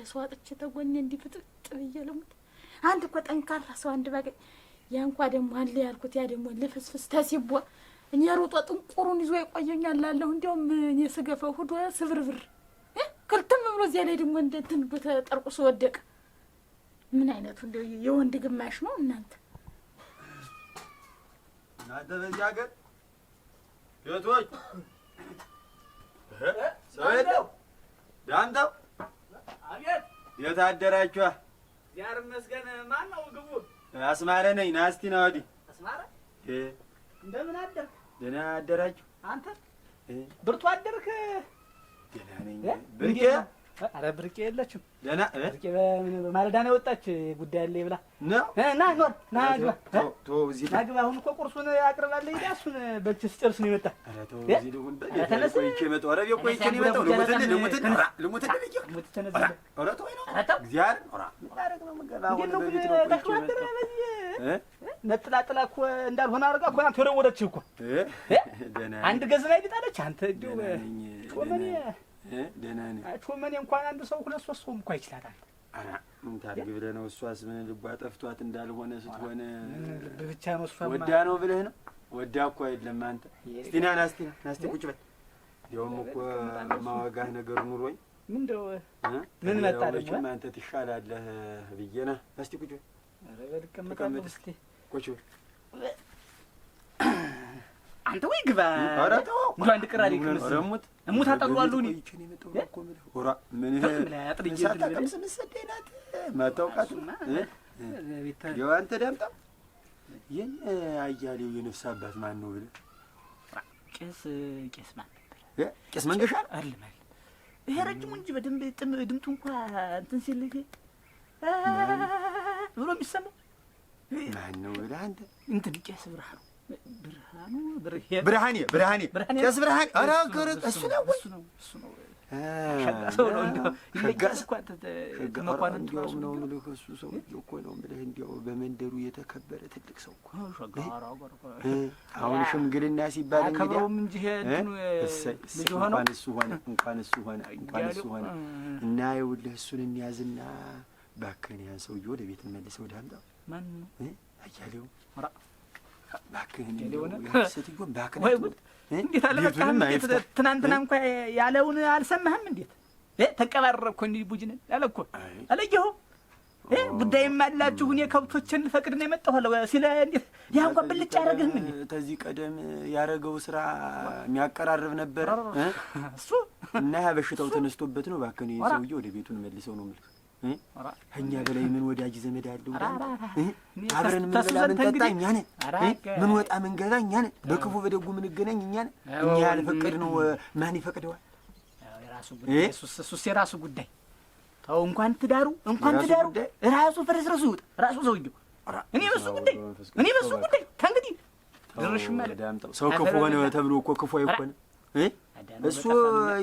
ያለ ሰው አጥቼ ተጎኘ እንዲህ ፍጥጥ ብዬ ልሙት። አንድ እኮ ጠንካራ ሰው አንድ ባገኝ ያ እንኳ ደግሞ አለ ያልኩት ያ ደግሞ ልፍስፍስ ተሲቦ እኔ ሩጦ ጥንቁሩን ይዞ ይቆየኛል ላለሁ እንዲያውም እኔ ስገፈው ሁዶ ስብርብር ክልትም ብሎ እዚያ ላይ ደግሞ እንደ እንትን በተጠርቁሶ ወደቀ። ምን አይነቱ እንደ የወንድ ግማሽ ነው እናንተ እናንተ በዚህ ሀገር ቤቶች ሰው የለው ዳንተው አቤት። የት አደራችሁ? እግዚአብሔር ይመስገን። ማን ነው ግቡ? አስማረ ነኝ። ና እስቲ ወዲህ። አስማረ እንደምን አደርክ? ደህና አደራችሁ? አንተ ብርቱ አደርክ? ደህና ነኝ ኧረ ብርቄ የለችም ደህና ብርቄ በማለዳ ነው የወጣች። ጉዳይ አለ ብላ ና ና ኖር ና ግባ ና ግባ። አሁን እኮ ቁርሱን አቅርባለሁ ሄዳ እሱን በልቼ ስጨርስ ነው የመጣ። ተነስ ነጥላ ጥላ እኮ እንዳልሆነ አድርጋ እኮ አንተ እኮ አንድ ገዝና ይጣለች አንተ ደህና ነኝ። ሹመኔ እንኳን አንድ ሰው ሁለት ሶስት ሰውም እኮ አይችላታል። ምን ታድርግ ብለህ ነው? እሷስ ምን ልቧ ጠፍቷት እንዳልሆነ ስትሆነ ብቻ ነው። እሷ ወዳ ነው ብለህ ነው? ወዳ እኮ አይደለም። አንተ እስቲ ና ና፣ እስቲ ና እስቲ ቁጭ በል። እንዲያውም እኮ ማዋጋህ ነገር ኑሮኝ ምንድነው? ምን መጣ ደግሞ አንተ ትሻላለህ ብዬ ና፣ እስቲ ቁጭ በል። ኧረ በል እቀመጣለሁ። እስቲ ቁጭ በል ኧረ እስቲ ቁጭ በል አንተ ወይ ግባ አንድ ቅር አሙት ሙት አጠቅሏሉ አንተ ዳምጣ ይህን አያሌው የነፍስ አባት ማን ነው ብለህ ቄስ ቄስ ማን ነበር? ቄስ መንገሻ አይደለም አይደለም። ይሄ ረጅሙ እንጂ በደንብ እንኳ እንትን ሲል ብሎ የሚሰማው ማን ነው ብለህ አንተ እንትን ቄስ ብርሃኑ ብርሃኔ ብርሃኔ ቄስ ብርሃኔ ኧረ እሱ ነው እሱ ነው እሱ ነው በመንደሩ የተከበረ ትልቅ ሰው እኮ አሁን ሽምግልና ሲባል እንኳን እሱ ሆነ እንኳን እሱ ሆነ እንኳን እሱ ሆነ እና ይኸውልህ እሱን እንያዝና እባክህን ያን ሰውዬ ወደ ቤት እንመልሰው። ወደ አንተ ማን ነው አያሌው እንዴት ትናንትና እንኳ ያለውን አልሰማህም? እንዴት ተቀባረርኩ እንዲ ቡጅንን አለኮ አለየሁ ጉዳይም አላችሁ እኔ ከብቶችን ፈቅድ ነው ሲለ እንዴት ያ እንኳ ብልጭ ከዚህ ቀደም ስራ የሚያቀራርብ ነበር እሱ እና ያ በሽታው ተነስቶበት ነው። ሰውዬ ወደ ቤቱን መልሰው ነው እኛ በላይ ምን ወዳጅ ዘመድ አለው? አብረን ምንበላ ምንጠጣ እኛ ነን። ምን ወጣ ምን ገባ እኛ ነን። በክፉ በደጉ ምንገናኝ እኛ ነን። እኛ ያልፈቀድ ነው ማን ይፈቅደዋል? እሱስ የራሱ ጉዳይ ተው። እንኳን ትዳሩ እንኳን ትዳሩ ራሱ ፍርስርሱ ይውጥ ራሱ ሰውየው። እኔ በሱ ጉዳይ እኔ በሱ ጉዳይ ከእንግዲህ ድርሽም አለ። ሰው ክፉ ሆነ ተብሎ እኮ ክፉ አይኮነ እሱ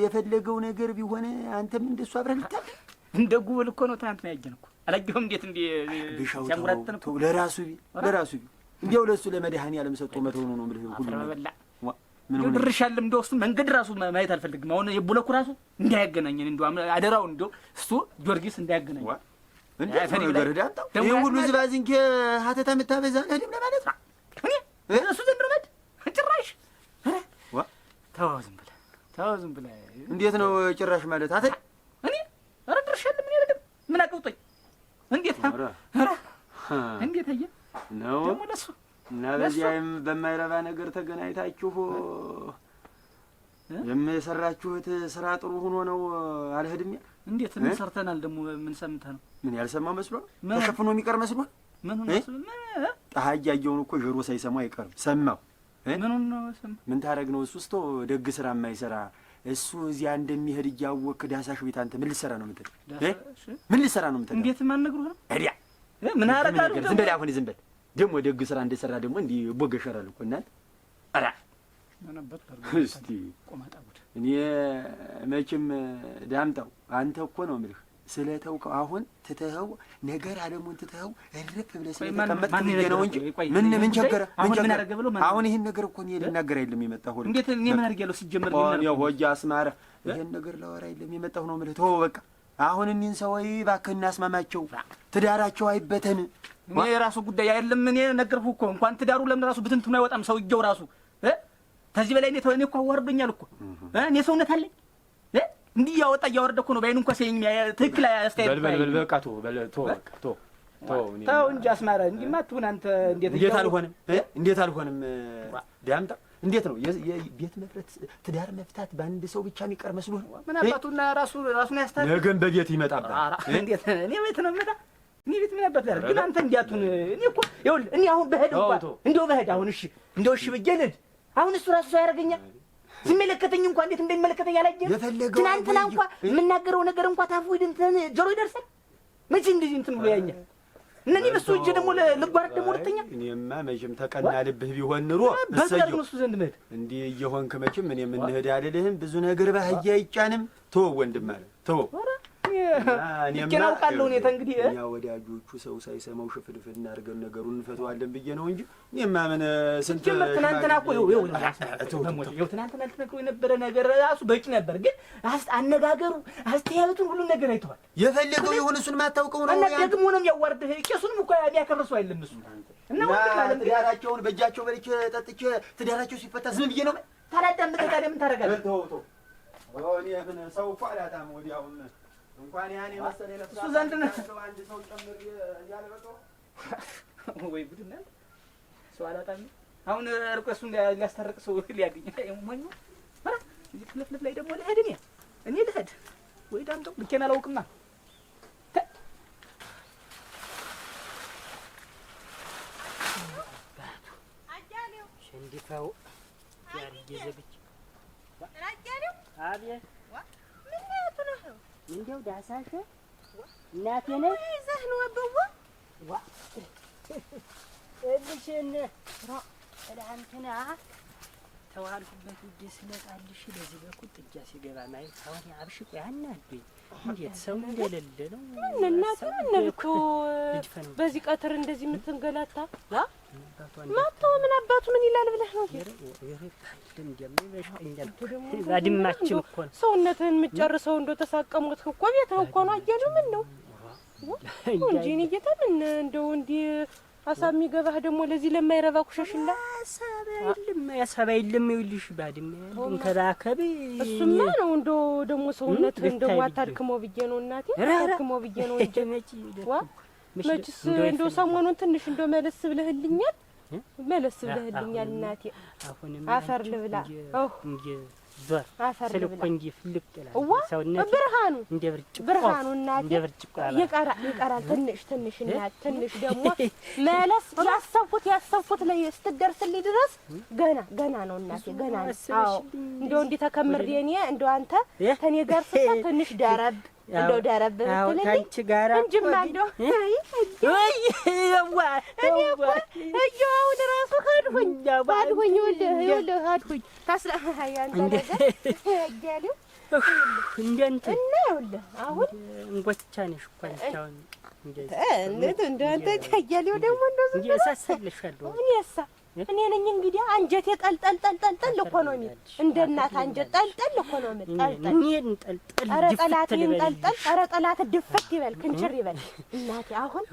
የፈለገው ነገር ቢሆን አንተም እንደሱ አብረህ ልታል እንደ ጉብል እኮ ነው። ትናንት ነው ያየን እኮ አላየሁም። እንዴት እንዲ ሲያንጉራትን እኮ ለራሱ ቢ ለራሱ ቢ እንዲያው ለእሱ ለመድኃኒዓለም ሰጥቶ መተው ነው ነው የምልህ። ሁሉ ምን ድርሻለም እንደው እሱ መንገድ ራሱ ማየት አልፈልግም። አሁን የቡለኩ ራሱ እንዳያገናኘን እንደው አደራው እንደው እሱ ጊዮርጊስ እንዳያገናኘን ይህ ሁሉ ዝባዝንኬ ሀተታ የምታበዛ ነህድም ለማለት ነው እሱ ዘንድ መድ ጭራሽ ተው ዝም ብለህ ተው ዝም ብለህ እንዴት ነው ጭራሽ ማለት አተ ምን አቅብጦኝ እንዴት እንዴት አየ ነው ደግሞ ለሱ እና በዚያም በማይረባ ነገር ተገናኝታችሁ የምሰራችሁት ስራ ጥሩ ሆኖ ነው አልሄድም እንዴት ምን ሰርተናል ደግሞ ምን ሰምተህ ነው ምን ያልሰማ መስሎ ተሸፍኖ የሚቀር መስሎ ምን ነው? ጣሀያየውን እኮ ጆሮ ሳይሰማ አይቀርም ሰማው ምን ታረግ ነው እሱ ስቶ ደግ ስራ የማይሰራ እሱ እዚያ እንደሚሄድ እያወቅህ ዳሳሽ ቤት አንተ ምን ልትሰራ ነው የምትል? ምን ልትሰራ ነው የምትል? እንዴት ማነግሩ ነው እዲያ ምን አረጋለሁ? ዝም በል አሁን ዝም በል። ደግሞ ደግ ስራ እንደሰራ ደግሞ እንዲህ ቦገሸራል እኮ እናት። ኧረ እስቲ ቆማጣ ጉድ። እኔ መቼም ዳምጣው አንተ እኮ ነው የምልህ ስለተውከው አሁን ትተኸው ነገር ዓለሙን ትተኸው እርፍ ብለህ ስለተቀመጥክ ነው እንጂ ምን ምን ቸገረ? አሁን ይህን ነገር እኮ እኔ ልናገር አይደለም የመጣሁ እንዴት እኔ ምን አድርጌ ያለው ሲጀመር ሆያ አስማረ ይህን ነገር ላወራ አይደለም የመጣሁ ነው የምልህ። ተወው በቃ አሁን እኒን ሰዎች እባክህ እናስማማቸው፣ ትዳራቸው አይበተን። እኔ የራሱ ጉዳይ አይደለም እኔ ነገርኩህ እኮ እንኳን ትዳሩ ለምን ራሱ ብትንትኑ አይወጣም ሰውየው ራሱ። ከዚህ በላይ እኔ እኮ አዋርዶኛል እኮ እኔ ሰውነት አለኝ እንዲህ እያወጣ እያወረደ እኮ ነው። በአይኑ እንኳ ሲያየኝ ትክክል አስተያየት በል በቃ ቶ በል ቶ ቶ ተው እንጂ አስማረ እንዲማ ትሁን አንተ። እንዴት እንዴት አልሆንም፣ እንዴት አልሆንም። ዳምጣ እንዴት ነው ቤት መፍረት ትዳር መፍታት በአንድ ሰው ብቻ የሚቀር መስሎህ ነው? ምን አባቱና ራሱ ራሱን ያስታል ነገን በቤት ይመጣብህ። እንዴት እኔ ቤት ነው የምመጣ እኔ ቤት ምን አባት ያደርግ ግን አንተ እንዲያቱን እኔ እኮ ይኸውልህ፣ እኔ አሁን በሄድ እንኳ እንደው በሄድ አሁን እሺ እንደው እሺ ብዬ ልሂድ አሁን እሱ ራሱ ሰው ያደርገኛል ሲመለከተኝ እንኳ እንዴት እንደሚመለከተኝ ያላየህ ትናንትና እንኳ የምናገረው ነገር እንኳ ታፉ ጆሮ ይደርሳል። መቼ እንደዚህ እንትን ብሎ ያኛል እነኔ በሱ እጅ ደግሞ ልጓረድ ደግሞ ሁለተኛ እኔማ መቼም ተቀና ልብህ ቢሆን ኑሮ በዝጋግን እሱ ዘንድ መሄድ እንዲህ እየሆንክ መቼም እኔ የምንሄድ አይደለህም። ብዙ ነገር ባህያ አይጫንም። ተወው ወንድም አለ ተወው ልኬን አውቃለሁ። እኔ እንግዲህ እኛ ወዳጆቹ ሰው ሳይሰማው ሽፍድፍድ እናድርገን ነገሩን እንፈተዋለን ብዬ ነው እንጂ እኔማ ምን ስንት ትናንትና እኮ ይኸው ትናንትና ልትነግረው የነበረ ነገር ራሱ በቂ ነበር፣ ግን አስ አነጋገሩ፣ አስተያየቱን ሁሉን ነገር አይተዋል። የፈለገው የሆነ እሱን ማታውቀው ነው እና ደግሞ ነው የሚያዋርድህ። ቄሱንም እኮ የሚያከብር ሰው አይደለም እሱ እና ትዳራቸውን በእጃቸው በልቼ ጠጥቼ ትዳራቸው ሲፈታ ዝም ብዬ ነው ታላዳምጠህ ታዲያ ምን ታደርጋለህ? ሰው እኮ አላጣም ወዲያውም እንኳን መሰለ የመሰለ እሱ ዘንድ ነው አንድ ሰው ጨምር ያለበቀው ወይ ጉድ ነው። ሰው አላጣም። አሁን እርቆ ሊያስታርቅ ሰው ሊያገኝ ሞኝ ኧረ እዚህ ክፍልፍልፍ ላይ ደግሞ ልሄድ እኔ እኔ ልሄድ ወይ ዳምጠው ብቻዬን አላውቅማ ሸንዲፋው ያርጌ ዘግቼ አቤት እንደው ዳሳሽ እናቴ ነሽ ይዘህ ነው አበዋ ዋ እልሽን ትናንትና ተዋልኩበት ውዴ ስመጣልሽ በዚህ በኩል ጥጃ ሲገባ ማየት አሁን አብሽቆ ያናዱኝ። እንዴት ሰው እንደሌለ ነው እናቴ። እኮ በዚህ ቀትር እንደዚህ የምትንገላታ መጥቶ ምን አባቱ ምን ይላል ብለህ ነው? ባድማችሁ ሰውነትህን የምጨርሰው እንደው ተሳቀሙት እኮ ቤትህ እኮ ነው። አየሉ ምን ነው እንጂ እኔ ጌታ ምን እንደው እንዲህ አሳ የሚገባህ ደግሞ ለዚህ ለማይረባ ኩሸሽላ ያሳባ የለም። ይኸውልሽ ባድሜ እንከባከቢ እሱማ ነው። እንደው ደግሞ ሰውነትህን ደግሞ አታድክመው ብዬ ነው እናቴ፣ አታድክመው ብዬ ነው እንጂ መችስ እንደው ሰሞኑን ትንሽ እንደው መለስ ብለህልኛል፣ መለስ ብለህልኛል እናቴ። አፈር ልብላ ዞር አፈር ልብላ እንጂ ፍልቅ ይላል ሰውነት። ብርሃኑ እንደ ብርጭቆ ብርሃኑ እናቴ ይቀራል ይቀራል፣ ትንሽ ትንሽ እናቴ፣ ትንሽ ደግሞ መለስ። ያሰብኩት ያሰብኩት ላይ ስትደርስልኝ ድረስ ገና ገና ነው እናቴ፣ ገና ነው። አዎ እንደው እንዲህ ተከምሬ እኔ እንደው አንተ ከእኔ ጋር ስትል ትንሽ ደረብ እንደው ደረብ ብትልኝ እንጂማ እንደው እኔ እኮ እየው አሁን እራሱ እና ይኸውልህ አሁን እንጎቻ ነሽ እኮ አንቺ አሁን እንደዚህ አንተ ያያሌው ደግሞ እንደው ዝም ብሎ እኔ እሳ እኔ ነኝ እንግዲህ አንጀቴ ጠልጠል ጠልጠል ጠል እኮ ነው የሚል እንደ እናት አንጀት ጠልጠል እኮ ነው የሚል ጠልጠል ኧረ ጠላት ይህን ጠልጠል ኧረ ጠላት ድፈት ይበል ክንችር ይበል እናቴ አሁን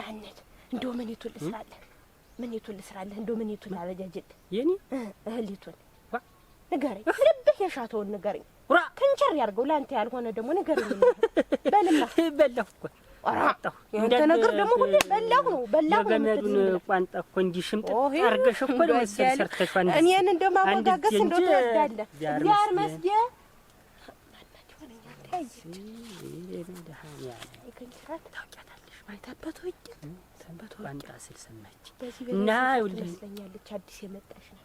ናነት እንደው ምን ይቱን ልስራለህ ምን ይቱን ልስራለህ እንደው ምን ይቱን አበጃጅልህ የኔ እህሊቱን ንገረኝ ልብህ የሻተውን ንገረኝ ክንችር ያርገው ለአንተ ያልሆነ ደግሞ ንገረኝ በልማ በላሁ እኮ አንተ ነገር ደግሞ ሁሌ በላሁ ነው በላሁ ነው የገመዱን ቋንጣ እኮ እንዲህ ሽምጥ አድርገሽ እኮ መሰል ሰርተሽ እኔን እንደው እንደው ትወዳለህ። እግዚአብሔር ይመስገን። ታውቂያታለሽ ማለት አባት ወቄ ሰንበት ወቄ እና ይኸውልህ አዲስ የመጣሽ ነው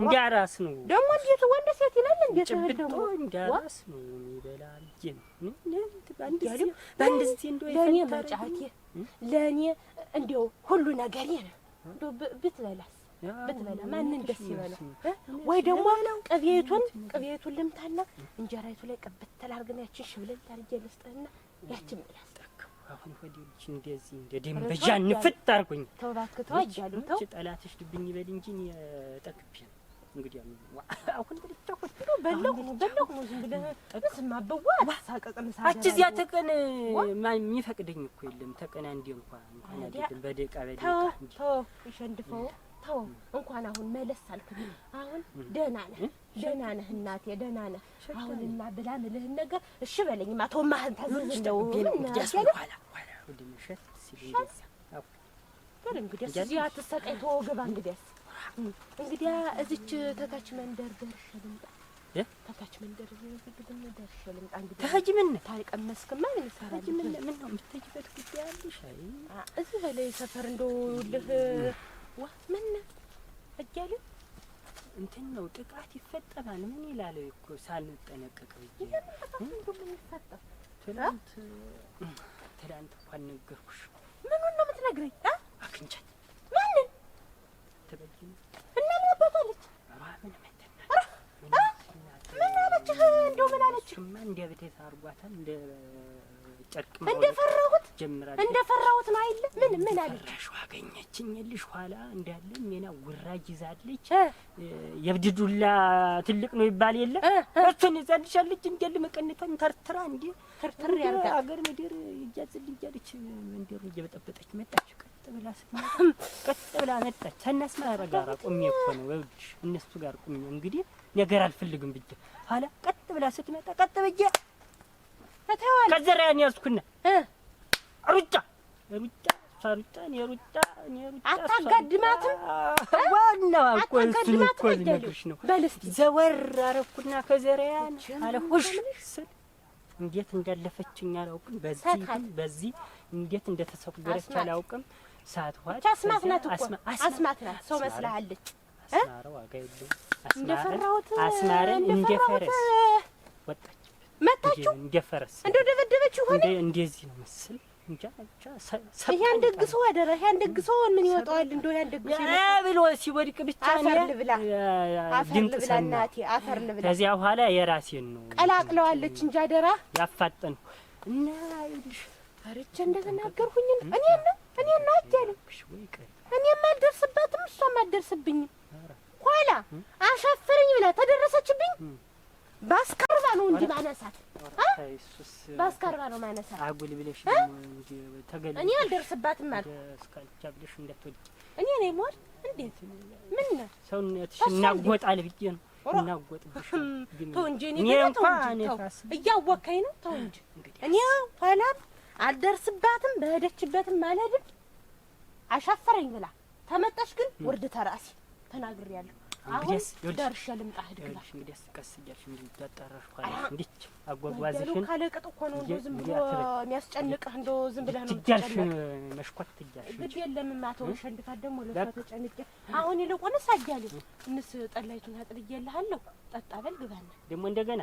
እንዳራስ ነው ደግሞ እንዴት ወንድ ሴት ይላል? እንዴት ጭብጦ እንዳራስ ነው የሚበላ መጫቴ ለእኔ እንዲያው ሁሉ ነገሬ ነው። እንደው ብትበላስ ብትበላ ማንን ደስ ይበለው? ወይ ደግሞ ቅቤቱን ቅቤቱን ልምታና እንጀራይቱ ላይ ቅብት ተላርግና ያችን ሽብለን ታርጌ ልስጥህና ያችን ብላስ አሁን ሆዴልች እንደዚህ እንደ በጃን ፍጥ አድርጎኝ ተው እባክህ ተው እያሉ ተው ጠላትሽ ድብኝ ይበል እንጂ ጠቅቤ ነው እንግዲህ የሚፈቅደኝ እኮ የለም። ተቀን አንዴ እንኳን እንኳን በደቂቃ ይሸንድፈው ተው። እንኳን አሁን መለስ አልክ። አሁን ደህና ነህ፣ ደህና ነህ እናቴ፣ ደህና ነህ። አሁን እና ብላ ምልህን ነገር እሺ በለኝማ። ተው ማህን ታዝዝ እንደው እንግዲያስ እንግዲያስ እዚያ ትሰቃይ ተወው እንግዲያስ እንግዲያ እዚች ተታች መንደር ደርሼ ልምጣ። ተታች መንደር ደርሼ ልምጣ። ምን ታልቀመስክማ ምን ምን ነው የምትሄጂበት ጉዳይ አለሽ? እዚህ ሰፈር ዋ ምን እንትን ነው ጥቃት ምን ይላል እኮ ሳንጠነቀቅ ብዬ እንኳን ነገርኩሽ። ምኑን ነው የምትነግረኝ? አክንቻት እና ምን አባቷለች? ምን አለችህ? እንደው ምን አለችህ? እንደ ፈራሁት እንደ ፈራሁት ነው አይደል? ምን ምን አለች? አገኘችኝልሽ ኋላ እንዳለ ሜና ውራጅ ይዛለች። የብድ ዱላ ትልቅ ነው ይባል የለ እሱን ይዛልሻለች። እንዳለ መቀነቷን ተርትራ እንደ ተርትር ያርጋ አገር ምድር ይጃዝል እያለች መንደሩ እየበጠበጠች መጣች። ብላ ቀጥ ብላ መጣች። ከእናስ ጋር ቆሜ እኮ ነው ይኸውልሽ፣ እነሱ ጋር ቆሜ እንግዲህ ነገር አልፈልግም ብዬ ኋላ ቀጥ ብላ ስትመጣ ቀጥ ብዬ አታዋል ከዘራ ያን ያዝኩና ሩጫ ሩጫ ሩጫ ሩጫ አታጋድማትም። ዋናዋ እኮ እሱን እኮ ልነግርሽ ነው። ዘወር አረኩና ከዘራያን አለ ሁሽ ስል እንዴት እንዳለፈችኝ አላውቅም። በዚህ በዚህ እንዴት እንደተሰወረች አላውቅም። ሳትዋት አስማት ናት እኮ አስማት ናት። ሰው መስላለች። እንደፈራሁት ወጣች መታችሁ። እንደ ደበደበች ሆነ። እንደዚህ ነው መሰል ያን ደግሶ አደረ። ያን ደግሶ ምን ይወጣዋል? እንደው ያን ደግሶ ብሎ ሲወድቅ ብቻ አፈር ልብላ፣ አፈር ልብላ፣ እናቴ አፈር ልብላ። ከዚያ በኋላ የራሴን ነው ቀላቅለዋለች እንጂ አደራ ያፋጠንኩ እና ይልሽ እንደተናገርኩኝ እኔ ነው እኔ እኔማ አጃልኩሽ እኔማ አልደርስበትም እሷም አልደርስብኝም። ኋላ አሻፈረኝ ብላ ተደረሰችብኝ። ባስካርባ ነው እንጂ ማነሳት ባስካርባ ነው ማነሳት። አጉል ብለሽ እኔ አልደርስባትም አልኩ። እኔ ነኝ የምወድ እንዴት ምን ነው ሰውነትሽ እናጎጣል ብዬ ነው እናወጥብሽ። ተው እንጂ እኔ እያወካኝ ነው። ተው እንጂ እኔ ኋላም አልደርስባትም በሄደችበትም አልሄድም አሻፈረኝ ብላ ተመጣሽ ግን ውርድ ተራሲ ተናግሬያለሁ። አሁን ደርሼ ልምጣ። ህድግላሽ እንግዲህ ቀስ እያልሽ እንዲህ ተጠራሽ ኋላ እንዲህ አጓጓዝሽን ካለቅጥ እኮ ነው እንደው ዝም ብሎ የሚያስጨንቅህ እንደው ዝም ብለህ ነው ትጃልሽ መሽኮት ትጃልሽ ግድ የለም ማተው ሸንድካት ደግሞ ለእሷ ተጨንቄ አሁን ይልቁንስ አያሌው እንስ ጠላይቱን አጥልዬልሃለሁ። ጠጣ በል ግባና ደግሞ እንደገና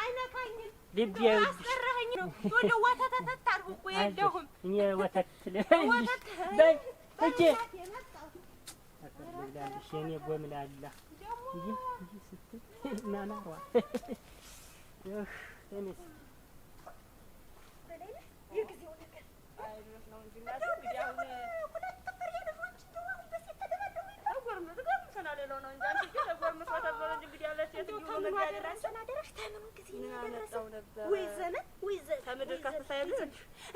አይነካኝም። ልቤ አስቀረኸኝ ነው። ወደ ወተት ተት አድርጉ እኮ የለሁም እኔ ወተት ወተት በይ እጄ ተቀበላለሽ የኔ ጎምላላ እንጂ ስትል ናናሯ እኔስ እንደው ተምኑ አደራሽን አደራሽ ተምኑ ጊዜ ያደረሰው ወይ ዘመን ወይ ዘመን ከምድር ከፍ ሳይል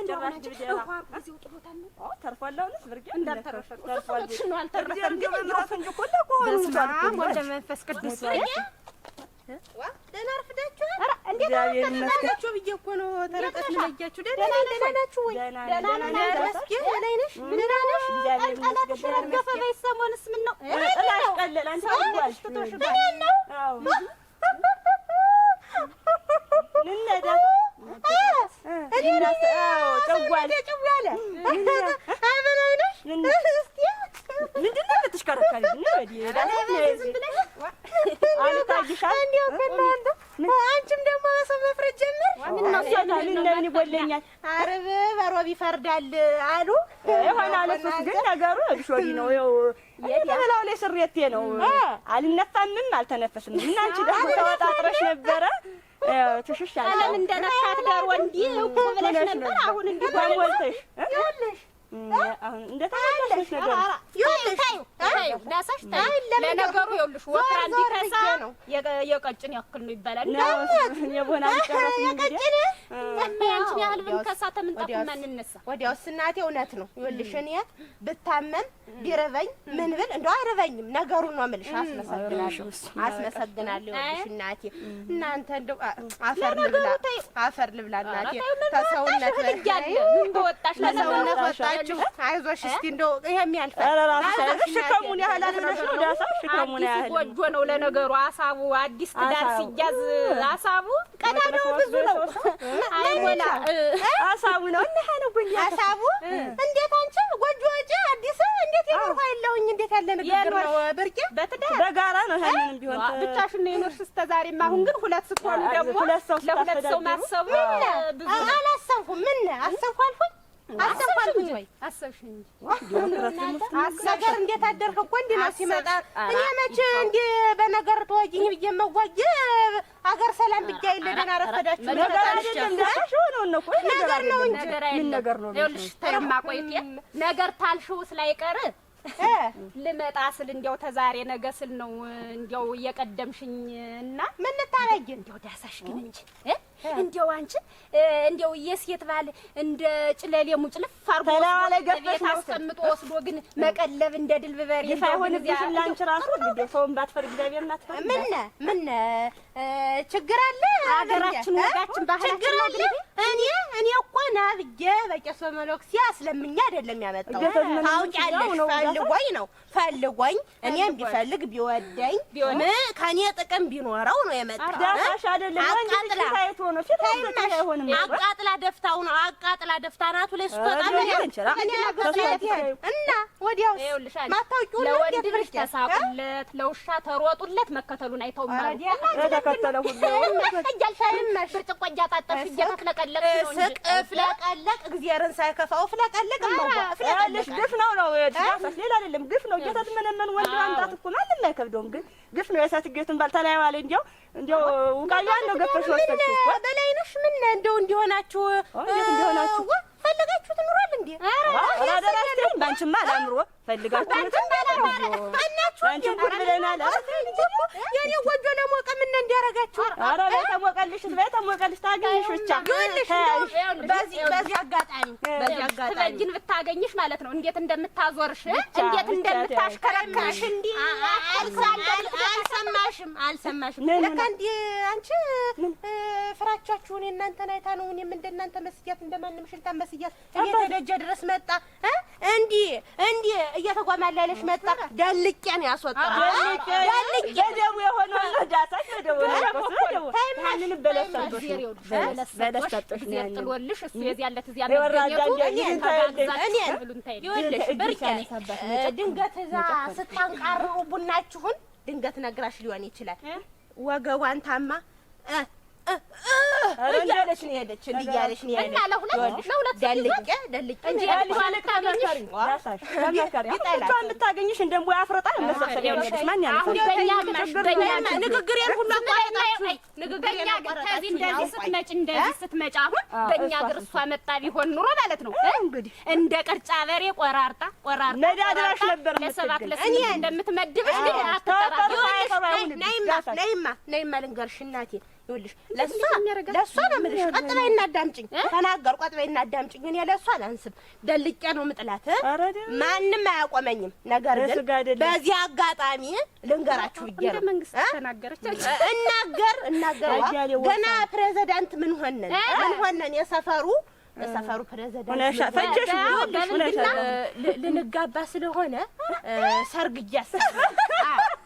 እንደው አሁን ውሃ ጊዜው ጥሎታል ነው። አዎ ተርፏል። አሁንስ ብርጌ እንዳልተረፈ ተርፏል ነው አልተረፈም። ግን እንደው ፈንጅ እኮ ለቆ ወደ መንፈስ ቅዱስ ወይ ዋ ደናር እግዚአብሔር ይመስገን ብዬሽ ነው። ተረቀት ምንድን ነው የምትሽከረከሪ? አንቺም ደግሞ ሰው መፍረድ ጀመር። ለምን ይጎለኛል? አርብ በሮብ ይፈርዳል አሉ ይሆናል። እሱስ ግን ነገሩ እብሾሪ ነው። ይኸው በላው ላይ ስሬቴ ነው። አልነፋምም፣ አልተነፈስም። እና አንቺ ደግሞ ተወጣጥረሽ ነበረ ትሽሽ አለ እንደነፋት ጋር ወንዲ ብለሽ ነበር። አሁን እንዲህ ሞልተሽ ለነገሩ የቀጭን ያክል ነው ይባላል። የቀጭን ያህል ብንከሳ ተምንጣፍ ማንነሳ ወዲያውስ እናቴ እውነት ነው። ይኸውልሽ እኔ ብታመም ቢርበኝ ምን ብል እንደው አይርበኝም ነገሩን ነው የምልሽ። አስመሰግናለሁ አስመሰግናለሁ። ይኸውልሽ እናቴ እናንተ እንደው አፈር ልብላ አፈር ልብላ እናቴ ተሰውነት ወጣሽ ለሰውነት ወጣሽ ያላችሁ አይዞሽ፣ እስኪ እንደው ይሄም ያልፋል። ሽከሙን ያህል አልነሽ ነው ዳሳ፣ ሽከሙን ያህል ጎጆ ነው። ለነገሩ አሳቡ አዲስ ትዳር ሲያዝ አሳቡ ቀዳዳው ብዙ ነው። አይወላ አሳቡ ነው እና ነው ጎኛ አሳቡ። እንዴት አንቺ ጎጆ ወጪ አዲስ እንዴት ይኖር አይለውኝ እንዴት ያለ ነገር ነው። ብርቄ በትዳር በጋራ ነው። ይሄንን ቢሆን ብቻሽን ነው የኖርሽ እስከ ዛሬማ። አሁን ግን ሁለት ስትሆኑ ደግሞ ለሁለት ሰው ማሰቡ አላሰብኩም። ምን አሰብኩ አልኩኝ እንዴት አደርክ እኮ በነገር ተወጂኝ ብዬሽ መዋዬ አገር ሰላም ብቻ የለ ደህና ረፈዳችሁ ነገር ነው እንጂ ምን ነገር ነው? ይኸውልሽ ተይማ ቆይቴ ነገር ታልሽውስ ላይቀር ልመጣ ስል እንዲያው ተዛሬ ነገ ስል ነው እንዲያው እየቀደምሽኝ እና ምን ታረጊ እንዲያው ዳሳሽ ግን እንጂ እንዲያው አንቺ እንዲያው የሴት ባል እንደ ጭለሌ ሙጭልፍ አርጎ አስቀምጦ ወስዶ ግን መቀለብ እንደ ድልብ በሬ ይፋ ይሆንብሽም። ለአንቺ ራሱ እንዲያው ሰውን ባትፈር እግዚአብሔር እናትፈር። ምን ምን ችግር አለ አገራችን ወጋችን፣ ባህላችን ችግር አለ። እኔ እኔ እኮ ናብዬ በቄስ በመሎክሲ አስለምኛ አይደለም ያመጣው ታውቂያለሽ። ፈልጎኝ ነው ፈልጎኝ እኔም ቢፈልግ ቢወደኝ ከእኔ ጥቅም ቢኖረው ነው የመጣው። ዳሽ አይደለም ሆኖ ፊት አይሆንም። አቃጥላ ደፍታው ነው። አቃጥላ ደፍታ ናቱ ላይ ስትወጣ እና ወዲያው ለወንድ ተሳቁለት፣ ለውሻ ተሮጡለት፣ መከተሉን አይተውም ብርጭቆ እግዚአብሔርን ሳይከፋው ፍለቀለቅ ፍለቀለሽ ግፍ ነው ነው ሌላ አይደለም፣ ግፍ ነው። እየተትመነመን ወንድ ማምጣት እኮ ማንም አይከብደውም ግን ግፍ ነው የእሳት ግትን ባል ተለያዩ አለ እንዲያው እንዲያው ውቃያን ነው ገፈሽ ወስተሽ በላይ ነሽ ምን እንደው እንዲሆናችሁ እንዴት እንዲሆናችሁ ፈልጋችሁት ኑሯል እንዴ? ኧረ አደራችሁ ባንቺማ አላምሮ ፈልጋችሁት ባንቺም ጉድ ብለናል። የኔ ወጆ ለሞቀ ምን እንዲያረጋችሁ? ኧረ በተሞቀልሽ በተሞቀልሽ ታገኝሽ ብቻ በዚህ በዚህ አጋጣሚ በዚህ አጋጣሚ ትበይን ብታገኝሽ ማለት ነው እንዴት እንደምታዞርሽ እንዴት እንደምታሽከረከርሽ እንዴ! አልሰማሽም አልሰማሽም ልክ እንዲህ አንቺ አይመቻችሁን? የእናንተን አይታ ነው እኔም እንደ እናንተ መስያት እንደማንም ሽንታ መስያት እቤት ደጃ ድረስ መጣ። እንዲህ እንዲህ እየተጓማላ ያለሽ መጣ። ደልቄ ነው ያስወጣው። ደልቄ ደቡ የሆነ ዳሳሽ ደቡ ድንገት እዛ ስታንቃርሩ ቡናችሁን ድንገት ነግራሽ ሊሆን ይችላል። ወገቧን ታማ እያለች ነው የሄደች እያለች ነው የሄደች እና ለሁለት ለሁለት ደልቄ ደልቄ እንጂ የምታገኝሽ እንደምቦ ያፍረጣ መሰብሰብ ያለሽ ማን ያለ ንግግሬን ሁሉ ንግግሬን ከዚህ እንደዚህ ስትመጪ እንደዚህ ስትመጪ አሁን በእኛ እግር እሷ መጣ ቢሆን ኑሮ ማለት ነው እንግዲህ እንደ ቅርጫ በሬ ቆራርጣ ቆራርጣ መዳድራሽ ነበር ለሰባት ለስምንት እንደምትመድብሽ ግን አትጠራጠሪ። ነይማ ነይማ ነይማ ልንገርሽ እናቴ ይኸውልሽ ለእሷ ለእሷ ነው የምልሽ። ቀጥ በይና አዳምጪኝ ተናገሩ። ቀጥ በይና አዳምጪኝ። እኔ ለእሷ አላንስም፣ ደልቄ ነው የምጥላት። ማንም አያቆመኝም። ነገር ግን በዚህ አጋጣሚ ልንገራችሁ ብዬሽ ነው። እናገር እናገር ገና ፕሬዚዳንት ምን ሆነን ምን ሆነን የሰፈሩ ሰፈሩ ፕሬዚዳንት ልንጋባ ስለሆነ ሰርግ እያሰብን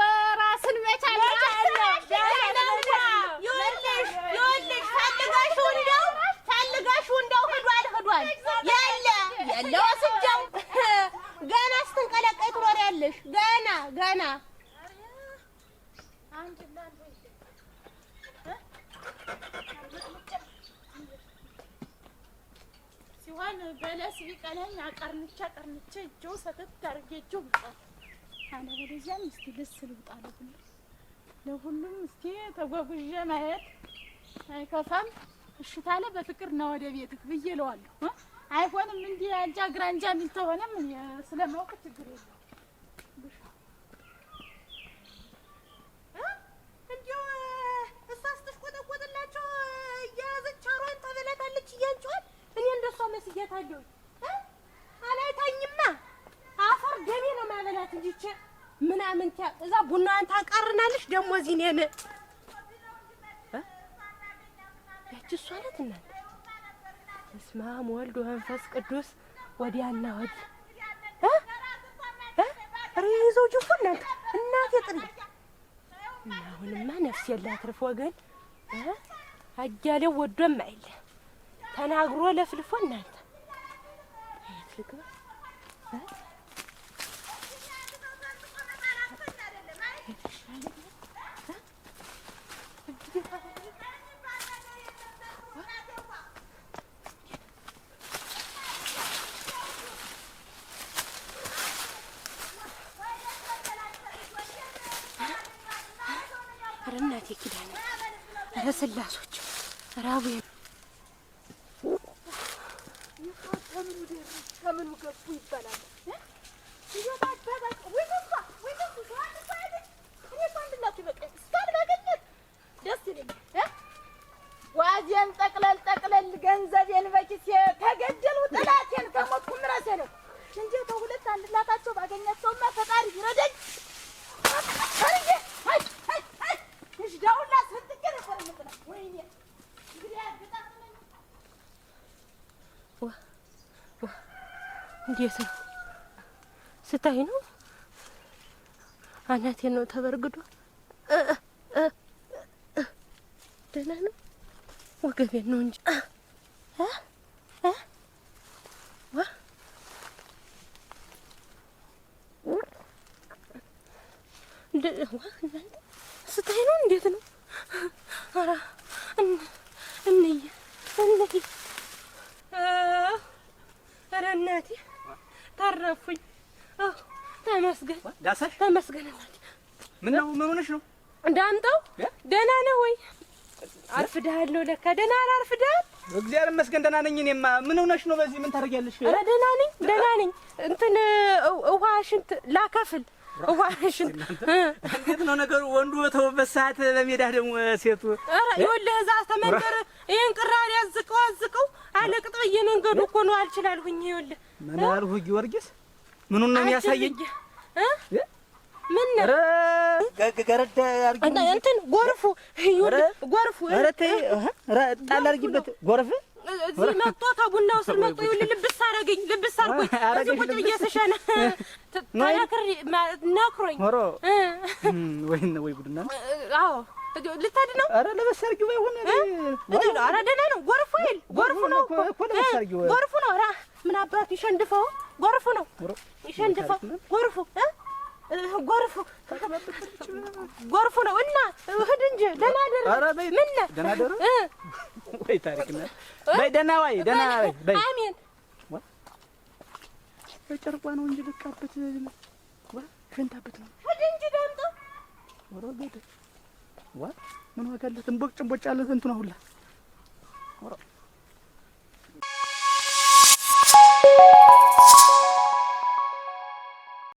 ገና ሲሆን በለስ ቢቀለኝ አቀርንቼ አቀርንቼ እጆው ሰተት አድርጌ እጆው ብጣል አለበለዚያም እስኪ ደስ ልውጣለ ለሁሉም እስኪ ተጓጉዤ ማየት አይከፋም። እሽታ አለ በፍቅር ነው ወደ ቤትህ ብዬ እለዋለሁ። አይሆንም እንዲህ አንጃ ግራንጃ የሚል ተሆነም ስለማውቅ ችግር የለም። ምናምን እዛ ቡናዋን ታቃርናለሽ። ደግሞ እዚህ እኔን ያቺ እሷ ናት። እናንተ በስመ አብ ወልድ መንፈስ ቅዱስ ወዲያና ወዲ ይዘው ጅፉ እናንተ እናት የጥሪ እና አሁንማ ነፍስ የላትርፍ ወገን አያሌው ወዶም አይለ ተናግሮ ለፍልፎ እናንተ አናቴ ነው ተበርግዶ። ደህና ነው ወገቤን ነው እንጂ ስታይ ነው እንዴት ነው? ኧረ እንዬ እንዬ ኧረ እናቴ ታረፉኝ። ተመስገን ዳሳሽ ተመስገን። ምን ነው ምን ሆነሽ ነው? እንዳምጣው ደህና ነህ ወይ? አርፍደሃል ለካ። ደህና አላርፍደሃል? እግዚአብሔር ይመስገን ደህና ነኝ። እኔማ ምን ሆነሽ ነው? በዚህ ምን ታደርጊያለሽ? ኧረ ደህና ነኝ ደህና ነኝ። እንትን ውሃ ሽንት ላከፍል ውሃ እንዴት ነው ነገሩ? ወንዱ በተውበት ሰዓት በሜዳ ደግሞ ሴቱ ኧረ ይኸውልህ እዛ ተመንገር ይሄን ቅራኔ አዝቀው አዝቀው አለቅጥ መንገዱ እኮ ነው አልችላልሁኝ። ይኸውልህ ምን አልሁ ጊዮርጊስ ምኑን ነው የሚያሳየኝ? ምን ነው ገረድ እንትን ጎርፉ ጎርፉ ጣል አድርጊበት ጎርፍ እዚህ መጥቶ ከቡናው ስር መጥቶ ይኸውልህ ልብስ አደረገኝ ልብስ አድርጎኝ እዚህ ቁጭ ብዬ ስሸና ተናክሬ ነክሮኝ ኧረ ወይ ነው ወይ ቡድና አዎ ልታድ ነው። ኧረ ለበስ አድርጊው ባይሆን ኧረ ደህና ነው። ጎርፉ ይል ጎርፉ ነው ጎርፉ ነው ምን አባቱ ይሸንድፈው። ጎርፉ ነው ይሸንድፈው። ጎርፉ ጎርፉ ጎርፉ ነው እና እህድ እንጂ ደህና ደር ምን ነህ? ወይ ታሪክ ነህ። በይ ደህና ዋይ፣ ደህና በይ። አሜን። ጨርቋ ነው እንጂ ልካበት ሸንታበት ነው። እህድ እንጂ ዳምጦ ምን ዋጋ አለት? እንቦጭ እንቦጭ አለት እንትና ሁላ Thank you.